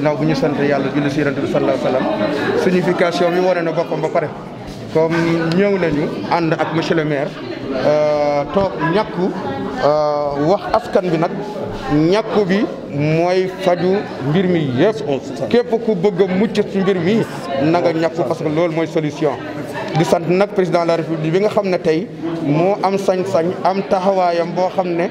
ndax bu ñu sant yàlla julli si yonent bi sallallahu alayhi wa sallam signification bi wane na boppam ba pare comme ñëw nañu ànd ak monsieur le maire euh, toog ñàkku euh, wax askan bi nag ñàkku bi mooy faju mbir mi yëpp képp ku bëgg mucc ci mbir mi na nga parce que loolu mooy solution di sant nag président la république bi nga xam ne tey moo am sañ-sañ am taxawaayam boo xam ne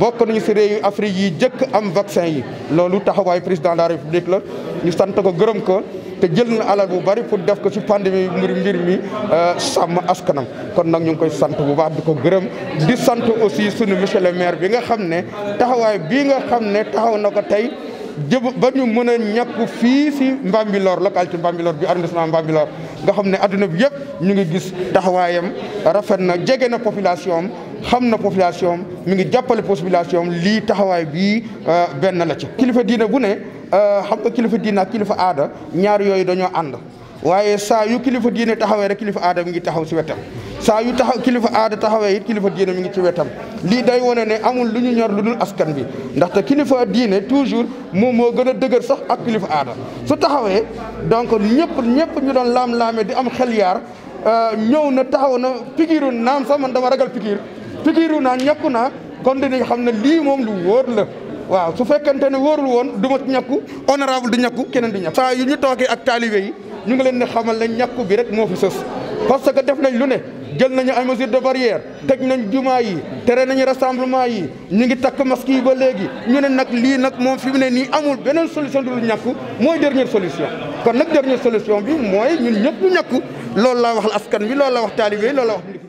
bokk nañu si réew yu Afrique yi jëkk am vaccin yi loolu taxawaayu président la république la ñu sant ko gërëm ko te jël na alal bu bari pour def ko ci pandémie mbir mbir mi euh, sàmm askanam kon nag ñu ngi koy sant bu baax di ko gërëm di sant aussi sunu monsieur le maire bi nga xam ne taxawaay bii nga xam ne taxaw na ko tey jëb ba ñu mën a ñàkk fii si Mbambilor localité Mbambilor bi arrondissement Mbambilor nga xam ne adduna bi yëpp ñu ngi gis taxawaayam rafet na jege na population am xam na population mu ngi jàppale population lii taxawaay bii euh, benn la ci. kilifa diine bu ne euh, xam nga kilifa diina ak kilifa aada ñaar yooyu dañoo ànd waaye saa yu kilifa diine taxawee rek kilifa aada ngi taxaw si wetam saa yu taxaw kilifa aada taxawee it kilifa diine mi ngi ci wetam lii day wane ne amul lu ñu ñor lu dul askan bi ndaxte kilifa diine toujours moom moo gën a dëggër sax ak kilifa aada su taxawee donc ñëpp ñëpp ñu doon laam-laame di am xel yaar euh, ñëw na taxaw na pigiru naam sax man dama ragal pigir pikiiru naa ñàkku naa kon dinañ xam na lii moom lu wóor la waaw su fekkente ne wóorul woon du ma ñàkku honorable di ñàkku keneen di ñàkku saa yu ñu toogee ak taalibe yi ñu ngi leen ne xamal ne ñàkku bi rek moo fi sës parce que def nañ lu ne jël nañu ay mesures de barrière tëj nañ jumaa yi tere nañu rassemblement yi ñu ngi takk masque yi ba léegi ñu ne nag lii nag moom fi mu ne nii amul beneen solution du lu ñàkku mooy dernière solution kon nag dernière solution bi mooy ñun ñëpp ñu ñàkku loolu laa wax askan bi loolu